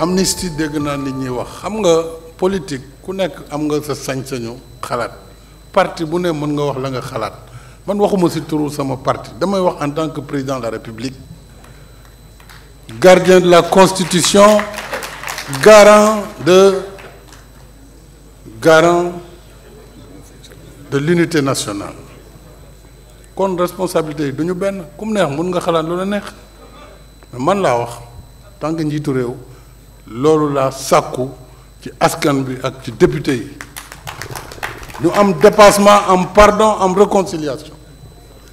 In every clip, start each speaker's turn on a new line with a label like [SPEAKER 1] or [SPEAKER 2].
[SPEAKER 1] amnesty dégg naa nit ñi wax xam nga politique ku nekk am nga sa sañ-sañu xalaat parti bu ne mën nga wax la nga xalaat man waxuma ci turu sama parti damay wax en tant que président de la République gardien de la Constitution garant de garant de l'unité nationale kon responsabilité yi du ñu benn ku mu neex mën nga xalaat lu la neex man laa wax tant que njiitu loolu laa sàkku ci askan bi ak ci député Nous ñu am dépassement am pardon am réconciliation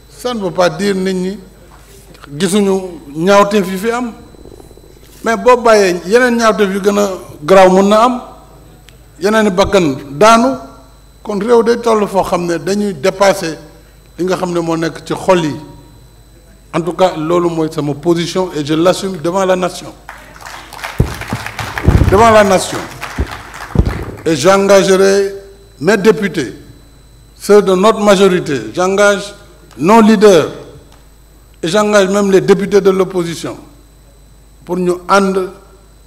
[SPEAKER 1] ça ne veut pas dire nit ñi gisuñu ñaawteef fi fi am mais boo bàyyee yeneen ñaawteef yu gën a garaaw am bakkan daanu kon réew dépasser li nga ci en tout cas loolu mooy position et je l'assume devant la nation devant la nation. Et j'engagerai mes députés, ceux de notre majorité, j'engage nos leaders, et j'engage même les députés de l'opposition pour nous rendre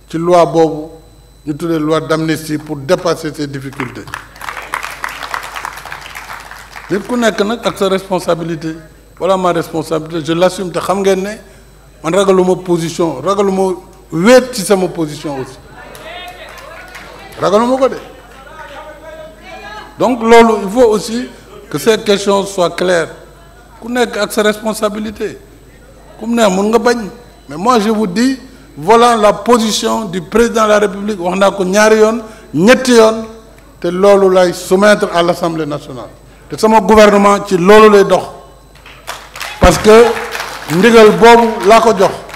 [SPEAKER 1] sur loi Bobo, nous toutes les lois d'amnistie pour dépasser ces difficultés. Je connais que notre responsabilité. Voilà ma responsabilité. Je l'assume. Je je suis en position. Je suis en position aussi donc Lolo, il faut aussi que ces questions soient claires ku nekk ak sa responsabilité ku mu nga mais moi je vous dis voilà la position du président de la république wax naa ko ñaari soumettre à l'assemblée nationale C'est mon gouvernement qui Lolo lay dox parce que ndigal boobu laa ko jox